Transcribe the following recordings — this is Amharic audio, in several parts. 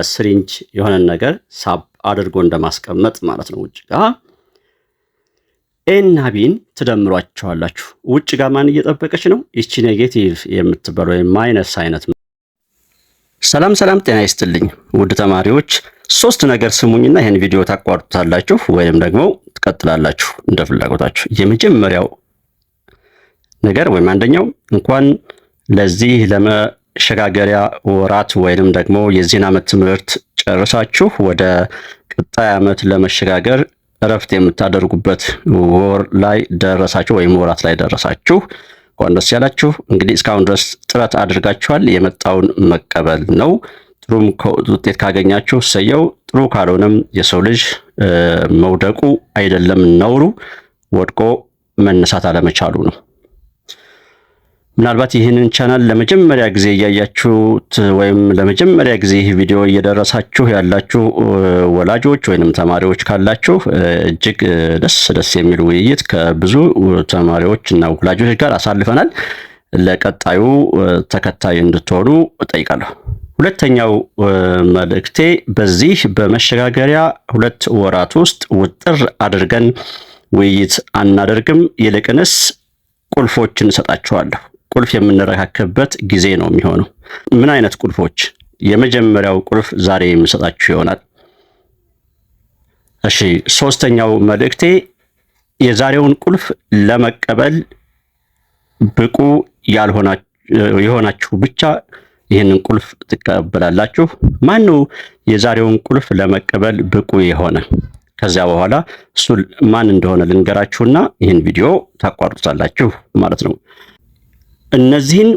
በስሪንጅ የሆነን ነገር ሳብ አድርጎ እንደማስቀመጥ ማለት ነው። ውጭ ጋ ኤና ቢን ትደምሯቸዋላችሁ። ውጭ ጋ ማን እየጠበቀች ነው? ይቺ ኔጌቲቭ የምትበለው ወይም ማይነስ አይነት። ሰላም ሰላም፣ ጤና ይስጥልኝ ውድ ተማሪዎች። ሶስት ነገር ስሙኝና ይህን ቪዲዮ ታቋርጡታላችሁ ወይም ደግሞ ትቀጥላላችሁ እንደ ፍላጎታችሁ። የመጀመሪያው ነገር ወይም አንደኛው እንኳን ለዚህ መሸጋገሪያ ወራት ወይንም ደግሞ የዚህን ዓመት ትምህርት ጨርሳችሁ ወደ ቀጣይ ዓመት ለመሸጋገር እረፍት የምታደርጉበት ወር ላይ ደረሳችሁ ወይም ወራት ላይ ደረሳችሁ። እንኳን ደስ ያላችሁ። እንግዲህ እስካሁን ድረስ ጥረት አድርጋችኋል። የመጣውን መቀበል ነው። ጥሩም ውጤት ካገኛችሁ ሰየው፣ ጥሩ ካልሆነም የሰው ልጅ መውደቁ አይደለም ነውሩ፣ ወድቆ መነሳት አለመቻሉ ነው። ምናልባት ይህንን ቻናል ለመጀመሪያ ጊዜ እያያችሁት ወይም ለመጀመሪያ ጊዜ ይህ ቪዲዮ እየደረሳችሁ ያላችሁ ወላጆች ወይንም ተማሪዎች ካላችሁ እጅግ ደስ ደስ የሚል ውይይት ከብዙ ተማሪዎች እና ወላጆች ጋር አሳልፈናል። ለቀጣዩ ተከታይ እንድትሆኑ እጠይቃለሁ። ሁለተኛው መልእክቴ በዚህ በመሸጋገሪያ ሁለት ወራት ውስጥ ውጥር አድርገን ውይይት አናደርግም፣ ይልቅንስ ቁልፎችን እሰጣችኋለሁ። ቁልፍ የምንረካከብበት ጊዜ ነው የሚሆነው። ምን አይነት ቁልፎች? የመጀመሪያው ቁልፍ ዛሬ የምሰጣችሁ ይሆናል። እሺ፣ ሶስተኛው መልእክቴ የዛሬውን ቁልፍ ለመቀበል ብቁ የሆናችሁ ብቻ ይህንን ቁልፍ ትቀበላላችሁ። ማነው የዛሬውን ቁልፍ ለመቀበል ብቁ የሆነ? ከዚያ በኋላ እሱ ማን እንደሆነ ልንገራችሁና ይህን ቪዲዮ ታቋርጡታላችሁ ማለት ነው። እነዚህን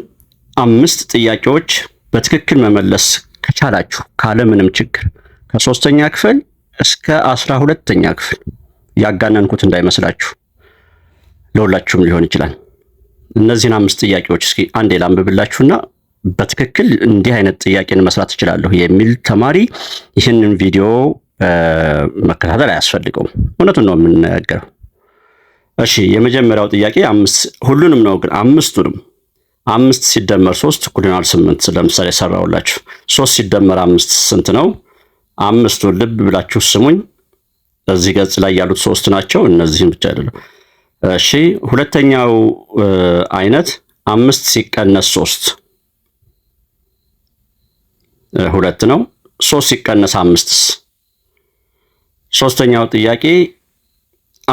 አምስት ጥያቄዎች በትክክል መመለስ ከቻላችሁ ካለምንም ችግር ከሶስተኛ ክፍል እስከ አስራ ሁለተኛ ክፍል ያጋነንኩት እንዳይመስላችሁ፣ ለሁላችሁም ሊሆን ይችላል። እነዚህን አምስት ጥያቄዎች እስኪ አንዴ ላንብብላችሁና በትክክል እንዲህ አይነት ጥያቄን መስራት እችላለሁ የሚል ተማሪ ይህንን ቪዲዮ መከታተል አያስፈልገውም። እውነቱን ነው የምንነገረው። እሺ፣ የመጀመሪያው ጥያቄ አምስት ሁሉንም ነው ግን አምስቱንም አምስት ሲደመር ሶስት እኩል ይሆናል ስምንት። ለምሳሌ ሰራውላችሁ ሶስት ሲደመር አምስት ስንት ነው? አምስቱ ልብ ብላችሁ ስሙኝ። እዚህ ገጽ ላይ ያሉት ሶስት ናቸው። እነዚህም ብቻ አይደለም። እሺ ሁለተኛው አይነት አምስት ሲቀነስ ሶስት ሁለት ነው። ሶስት ሲቀነስ አምስትስ? ሶስተኛው ጥያቄ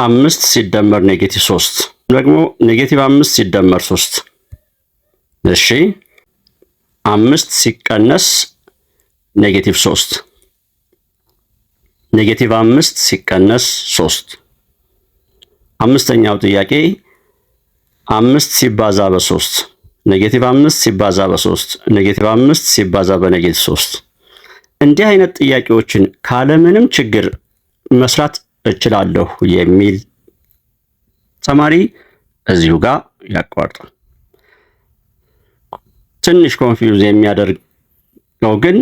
አምስት ሲደመር ኔጌቲቭ ሶስት ደግሞ ኔጌቲቭ አምስት ሲደመር ሶስት እሺ አምስት ሲቀነስ ኔጌቲቭ ሶስት ኔጌቲቭ አምስት ሲቀነስ ሶስት አምስተኛው ጥያቄ አምስት ሲባዛ በሶስት ኔጌቲቭ አምስት ሲባዛ በሶስት ኔጌቲቭ አምስት ሲባዛ በኔጌቲቭ ሶስት እንዲህ አይነት ጥያቄዎችን ካለምንም ችግር መስራት እችላለሁ የሚል ተማሪ እዚሁ ጋር ያቋርጣል። ትንሽ ኮንፊውዝ የሚያደርገው ግን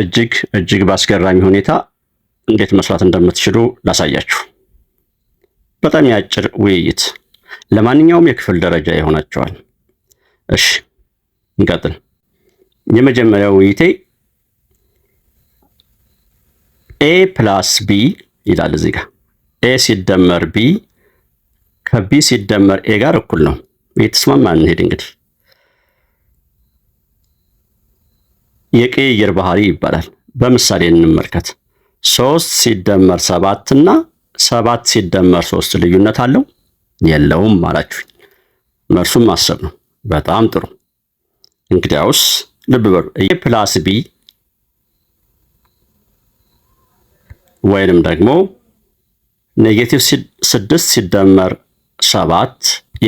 እጅግ እጅግ በአስገራሚ ሁኔታ እንዴት መስራት እንደምትችሉ ላሳያችሁ። በጣም የአጭር ውይይት ለማንኛውም የክፍል ደረጃ ይሆናቸዋል። እሺ እንቀጥል። የመጀመሪያው ውይይቴ ኤ ፕላስ ቢ ይላል እዚህ ጋር ኤ ሲደመር ቢ ከቢ ሲደመር ኤ ጋር እኩል ነው። የተስማማን እንሄድ እንግዲህ የቅይይር ባህሪ ይባላል። በምሳሌ እንመልከት። ሶስት ሲደመር ሰባት እና ሰባት ሲደመር ሶስት ልዩነት አለው የለውም አላችሁኝ። መልሱም አስር ነው። በጣም ጥሩ። እንግዲያውስ ልብ በሉ ኤ ፕላስ ቢ ወይንም ደግሞ ኔጌቲቭ ስድስት ሲደመር ሰባት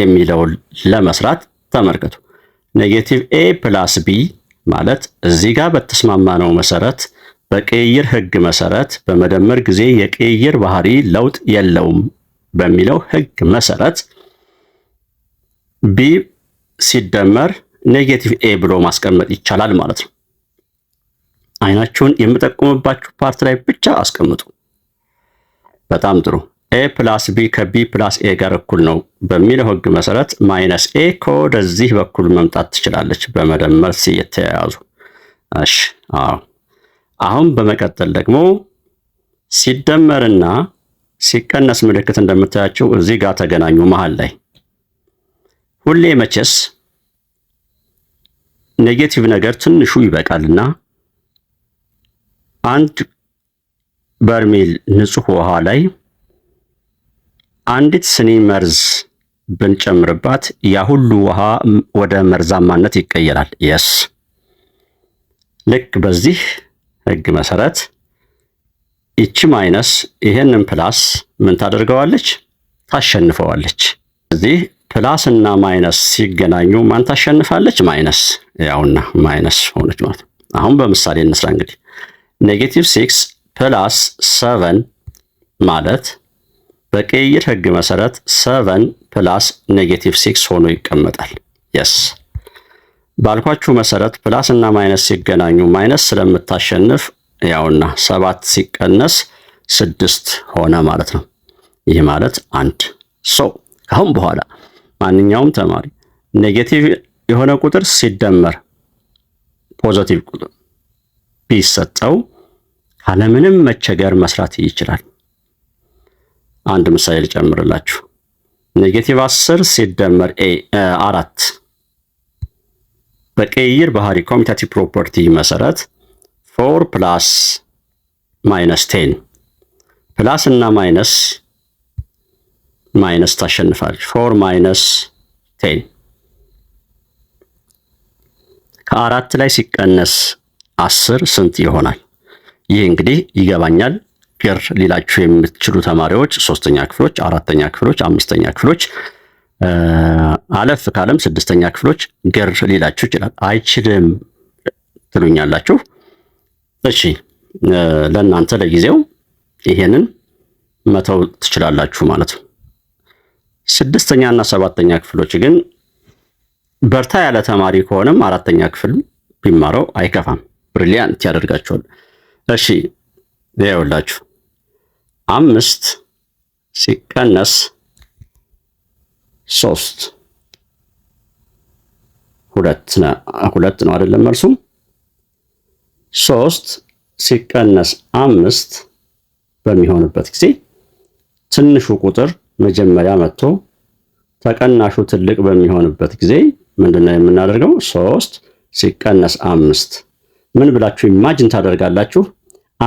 የሚለውን ለመስራት ተመልከቱ። ኔጌቲቭ ኤ ፕላስ ቢ ማለት እዚህ ጋር በተስማማነው መሰረት በቅይር ህግ መሰረት በመደመር ጊዜ የቅይር ባህሪ ለውጥ የለውም በሚለው ህግ መሰረት ቢ ሲደመር ኔጌቲቭ ኤ ብሎ ማስቀመጥ ይቻላል ማለት ነው። አይናችሁን የምጠቁምባችሁ ፓርት ላይ ብቻ አስቀምጡ። በጣም ጥሩ። ኤ ፕላስ ቢ ከቢ ፕላስ ኤ ጋር እኩል ነው በሚለው ህግ መሰረት ማይነስ ኤ ከወደዚህ በኩል መምጣት ትችላለች በመደመር ሲ የተያያዙ። እሺ አዎ። አሁን በመቀጠል ደግሞ ሲደመርና ሲቀነስ ምልክት እንደምታያቸው እዚህ ጋር ተገናኙ መሃል ላይ። ሁሌ መቼስ ኔጌቲቭ ነገር ትንሹ ይበቃልና አንድ በርሜል ንጹህ ውሃ ላይ አንዲት ስኒ መርዝ ብንጨምርባት ያ ሁሉ ውሃ ወደ መርዛማነት ይቀየራል። የስ ልክ በዚህ ህግ መሰረት ይቺ ማይነስ ይሄንን ፕላስ ምን ታደርገዋለች? ታሸንፈዋለች። እዚህ ፕላስ እና ማይነስ ሲገናኙ ማን ታሸንፋለች? ማይነስ ያውና ማይነስ ሆነች ማለት ነው። አሁን በምሳሌ እንስራ እንግዲህ ኔጌቲቭ ሲክስ ፕላስ ሰቨን ማለት በቅይር ህግ መሰረት ሰቨን ፕላስ ኔጌቲቭ ሲክስ ሆኖ ይቀመጣል። የስ ባልኳችሁ መሰረት ፕላስ እና ማይነስ ሲገናኙ ማይነስ ስለምታሸንፍ ያውና ሰባት ሲቀነስ ስድስት ሆነ ማለት ነው። ይህ ማለት አንድ ሰው ከአሁን በኋላ ማንኛውም ተማሪ ኔጌቲቭ የሆነ ቁጥር ሲደመር ፖዘቲቭ ቁጥር ቢሰጠው ካለምንም መቸገር መስራት ይችላል። አንድ ምሳሌ ልጨምርላችሁ። ኔጌቲቭ 10 ሲደመር ኤ አራት በቀይር ባህሪ ኮሚታቲቭ ፕሮፐርቲ መሰረት ፎር ፕላስ ማይነስ ቴን ፕላስ እና ማይነስ ማይነስ ታሸንፋለች። ፎር ማይነስ ቴን ከአራት ላይ ሲቀነስ አስር ስንት ይሆናል? ይህ እንግዲህ ይገባኛል። ሞክር ሊላችሁ የምትችሉ ተማሪዎች ሶስተኛ ክፍሎች፣ አራተኛ ክፍሎች፣ አምስተኛ ክፍሎች አለፍ ካለም ስድስተኛ ክፍሎች ግር ሊላችሁ ይችላል። አይችልም ትሉኛላችሁ። እሺ ለእናንተ ለጊዜው ይሄንን መተው ትችላላችሁ ማለት ነው። ስድስተኛ እና ሰባተኛ ክፍሎች ግን በርታ ያለ ተማሪ ከሆነም አራተኛ ክፍል ቢማረው አይከፋም። ብሪሊያንት ያደርጋቸዋል። እሺ ያውላችሁ አምስት ሲቀነስ ሶስት ሁለት ነው አይደለም? መልሱም ሶስት ሲቀነስ አምስት በሚሆንበት ጊዜ ትንሹ ቁጥር መጀመሪያ መጥቶ ተቀናሹ ትልቅ በሚሆንበት ጊዜ ምንድን ነው የምናደርገው? ሶስት ሲቀነስ አምስት ምን ብላችሁ ኢማጅን ታደርጋላችሁ?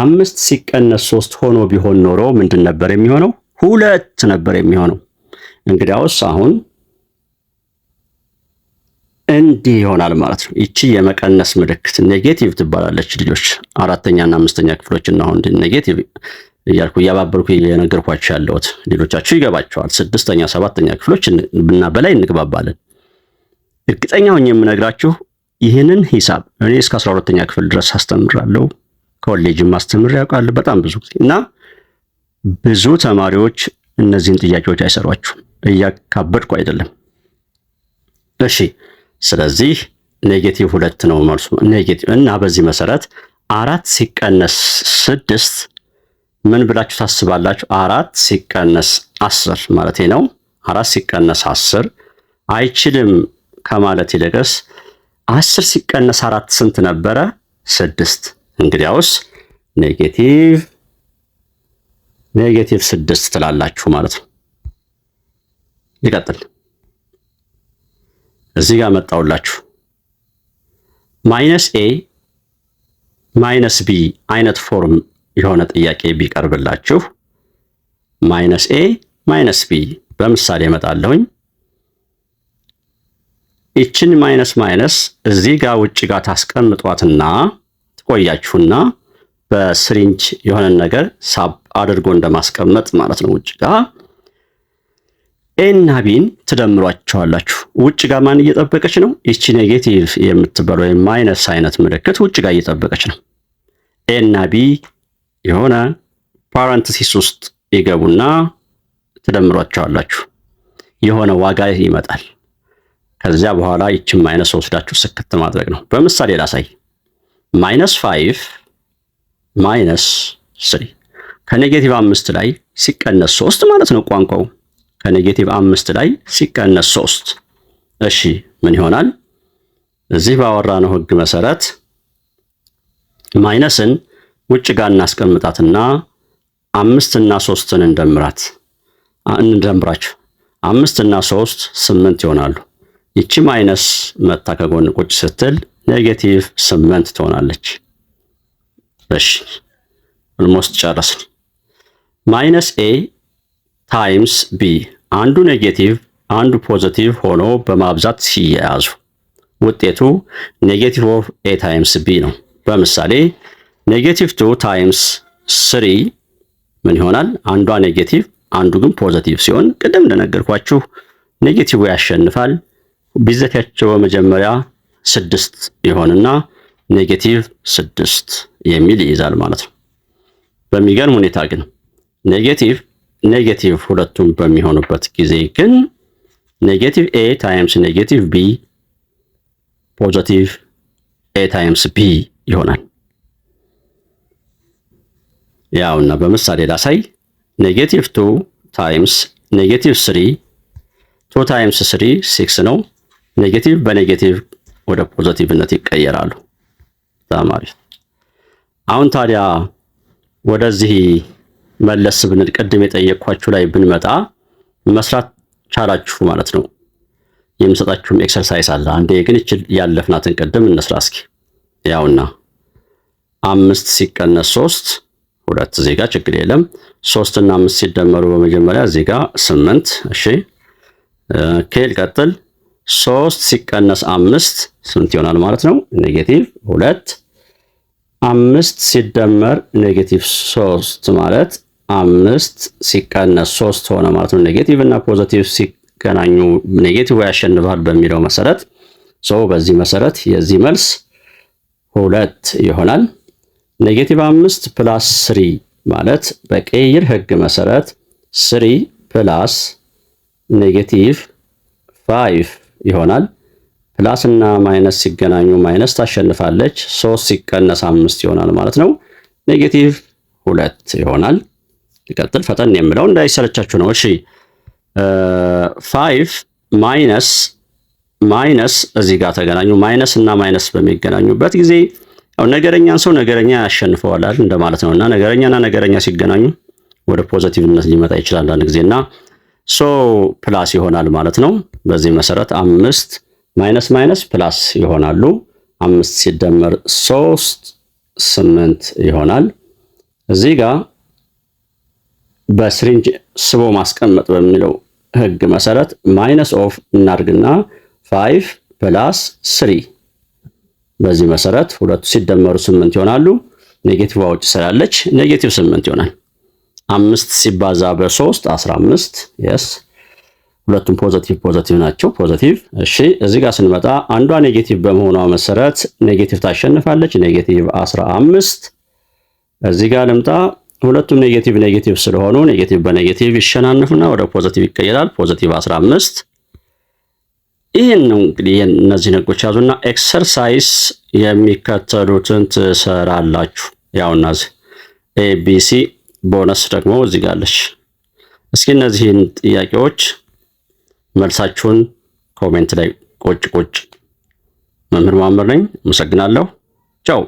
አምስት ሲቀነስ ሶስት ሆኖ ቢሆን ኖሮ ምንድን ነበር የሚሆነው? ሁለት ነበር የሚሆነው። እንግዲያውስ አሁን እንዲህ ይሆናል ማለት ነው። ይቺ የመቀነስ ምልክት ኔጌቲቭ ትባላለች። ልጆች አራተኛና አምስተኛ እና አሁን ኔጌቲቭ እያልኩ እያባበልኩ የነገርኳቸው ያለሁት ሌሎቻችሁ ይገባቸዋል። ስድስተኛ ሰባተኛ ክፍሎች እና በላይ እንግባባለን። እርግጠኛ ሆኜ የምነግራችሁ ይህንን ሂሳብ እኔ እስከ አስራ ሁለተኛ ክፍል ድረስ አስተምራለሁ። ኮሌጅም ማስተምር ያውቃል በጣም ብዙ ጊዜ እና ብዙ ተማሪዎች እነዚህን ጥያቄዎች አይሰሯችሁም። እያካበድኩ አይደለም። እሺ፣ ስለዚህ ኔጌቲቭ ሁለት ነው መልሱ ኔጌቲቭ እና በዚህ መሰረት አራት ሲቀነስ ስድስት ምን ብላችሁ ታስባላችሁ? አራት ሲቀነስ አስር ማለት ነው። አራት ሲቀነስ አስር አይችልም ከማለት ይልቅስ አስር ሲቀነስ አራት ስንት ነበረ? ስድስት እንግዲያውስ ኔጌቲቭ ኔጌቲቭ ስድስት ትላላችሁ ማለት ነው። ይቀጥል። እዚህ ጋር መጣውላችሁ ማይነስ ኤ ማይነስ ቢ አይነት ፎርም የሆነ ጥያቄ ቢቀርብላችሁ ማይነስ ኤ ማይነስ ቢ በምሳሌ እመጣለሁኝ። ይችን ማይነስ ማይነስ እዚህ ጋር ውጭ ጋር ታስቀምጧትና ቆያችሁና በስሪንች የሆነን ነገር ሳብ አድርጎ እንደማስቀመጥ ማለት ነው። ውጭ ጋ ኤና ቢን ትደምሯቸዋላችሁ። ውጭ ጋ ማን እየጠበቀች ነው? ይቺ ኔጌቲቭ የምትባለው ወይም ማይነስ አይነት ምልክት ውጭ ጋ እየጠበቀች ነው። ኤና ቢ የሆነ ፓራንትሲስ ውስጥ ይገቡና ትደምሯቸዋላችሁ። የሆነ ዋጋ ይመጣል። ከዚያ በኋላ ይችን ማይነስ ወስዳችሁ ስክት ማድረግ ነው። በምሳሌ ላሳይ። ማይነስ ፋይቭ ማይነስ ስሪ ከኔጌቲቭ አምስት ላይ ሲቀነስ ሶስት ማለት ነው ቋንቋው። ከኔጌቲቭ አምስት ላይ ሲቀነስ ሶስት እሺ ምን ይሆናል? እዚህ ባወራነው ህግ መሰረት ማይነስን ውጭ ጋር እናስቀምጣትና አምስት እና ሶስትን እንደምራት እንደምራቸው አምስት እና ሶስት ስምንት ይሆናሉ። ይቺ ማይነስ መታ ከጎን ቁጭ ስትል ኔጌቲቭ ስምንት ትሆናለች። እሺ ኦልሞስት ጨረስን። ማይነስ ኤ ታይምስ ቢ አንዱ ኔጌቲቭ አንዱ ፖዘቲቭ ሆኖ በማብዛት ሲያያዙ ውጤቱ ኔጌቲቭ ኦፍ ኤ ታይምስ ቢ ነው። በምሳሌ ኔጌቲቭ ቱ ታይምስ ስሪ ምን ይሆናል? አንዷ ኔጌቲቭ አንዱ ግን ፖዘቲቭ ሲሆን ቅድም እንደነገርኳችሁ ኔጌቲቭ ያሸንፋል። ቢዘፊያቸው በመጀመሪያ ስድስት ይሆንና ኔጌቲቭ ስድስት የሚል ይይዛል ማለት ነው። በሚገርም ሁኔታ ግን ኔጌቲቭ ኔጌቲቭ ሁለቱም በሚሆኑበት ጊዜ ግን ኔጌቲቭ ኤ ታይምስ ኔጌቲቭ ቢ ፖዘቲቭ ኤ ታይምስ ቢ ይሆናል። ያውና በምሳሌ ላሳይ። ኔጌቲቭ ቱ ታይምስ ኔጌቲቭ ስሪ ቱ ታይምስ ስሪ ሲክስ ነው። ኔጌቲቭ በኔጌቲቭ ወደ ፖዘቲቭነት ይቀየራሉ። ተማሪ አሁን ታዲያ ወደዚህ መለስ ብንል ቅድም የጠየኳችሁ ላይ ብንመጣ መስራት ቻላችሁ ማለት ነው። የምሰጣችሁም ኤክሰርሳይስ አለ። አንዴ ግን ይችል ያለፍናትን ቅድም እነስራ እስኪ። ያውና አምስት ሲቀነስ ሶስት ሁለት ዜጋ ችግር የለም። ሶስት እና አምስት ሲደመሩ በመጀመሪያ ዜጋ ስምንት እሺ ኬል ቀጥል ሶስት ሲቀነስ አምስት ስንት ይሆናል ማለት ነው? ኔጌቲቭ ሁለት። አምስት ሲደመር ኔጌቲቭ ሶስት ማለት አምስት ሲቀነስ ሶስት ሆነ ማለት ነው። ኔጌቲቭ እና ፖዘቲቭ ሲገናኙ ኔጌቲቭ ያሸንፋል በሚለው መሰረት ሰው በዚህ መሰረት የዚህ መልስ ሁለት ይሆናል። ኔጌቲቭ አምስት ፕላስ ስሪ ማለት በቀይር ህግ መሰረት ስሪ ፕላስ ኔጌቲቭ ፋይቭ ይሆናል። ፕላስ እና ማይነስ ሲገናኙ ማይነስ ታሸንፋለች። ሶስት ሲቀነስ አምስት ይሆናል ማለት ነው። ኔጌቲቭ ሁለት ይሆናል። ይቀጥል። ፈጠን የምለው እንዳይሰለቻችሁ ነው። እሺ ፋይቭ ማይነስ ማይነስ እዚህ ጋር ተገናኙ። ማይነስ እና ማይነስ በሚገናኙበት ጊዜ ያው ነገረኛን ሰው ነገረኛ ያሸንፈዋላል እንደማለት ነው እና ነገረኛና ነገረኛ ሲገናኙ ወደ ፖዘቲቭነት ሊመጣ ይችላል አንድ ጊዜ እና ሶ ፕላስ ይሆናል ማለት ነው። በዚህ መሰረት አምስት ማይነስ ማይነስ ፕላስ ይሆናሉ። አምስት ሲደመር ሶስት ስምንት ይሆናል። እዚህ ጋር በስሪንጅ ስቦ ማስቀመጥ በሚለው ህግ መሰረት ማይነስ ኦፍ እናድርግና ፋይቭ ፕላስ ስሪ በዚህ መሰረት ሁለቱ ሲደመሩ ስምንት ይሆናሉ። ኔጌቲቭ ውጭ ስላለች ኔጌቲቭ ስምንት ይሆናል። አምስት ሲባዛ በሶስት አስራ አምስት የስ ሁለቱም ፖዘቲቭ ፖዘቲቭ ናቸው። ፖዘቲቭ እሺ። እዚህ ጋር ስንመጣ አንዷ ኔጌቲቭ በመሆኗ መሰረት ኔጌቲቭ ታሸንፋለች። ኔጌቲቭ 15 እዚህ ጋር ልምጣ። ሁለቱም ኔጌቲቭ ኔጌቲቭ ስለሆኑ ኔጌቲቭ በኔጌቲቭ ይሸናንፍና ወደ ፖዘቲቭ ይቀየራል። ፖዘቲቭ 15 ይህን ነው እንግዲህ እነዚህ ነጥቦች ያዙና ኤክሰርሳይስ የሚከተሉትን ትሰራላችሁ። ያው እናዚህ ኤቢሲ ቦነስ ደግሞ እዚህ ጋር አለች። እስኪ እነዚህን ጥያቄዎች መልሳችሁን ኮሜንት ላይ ቁጭ ቁጭ። መምህር ማመር ነኝ። አመሰግናለሁ። ቻው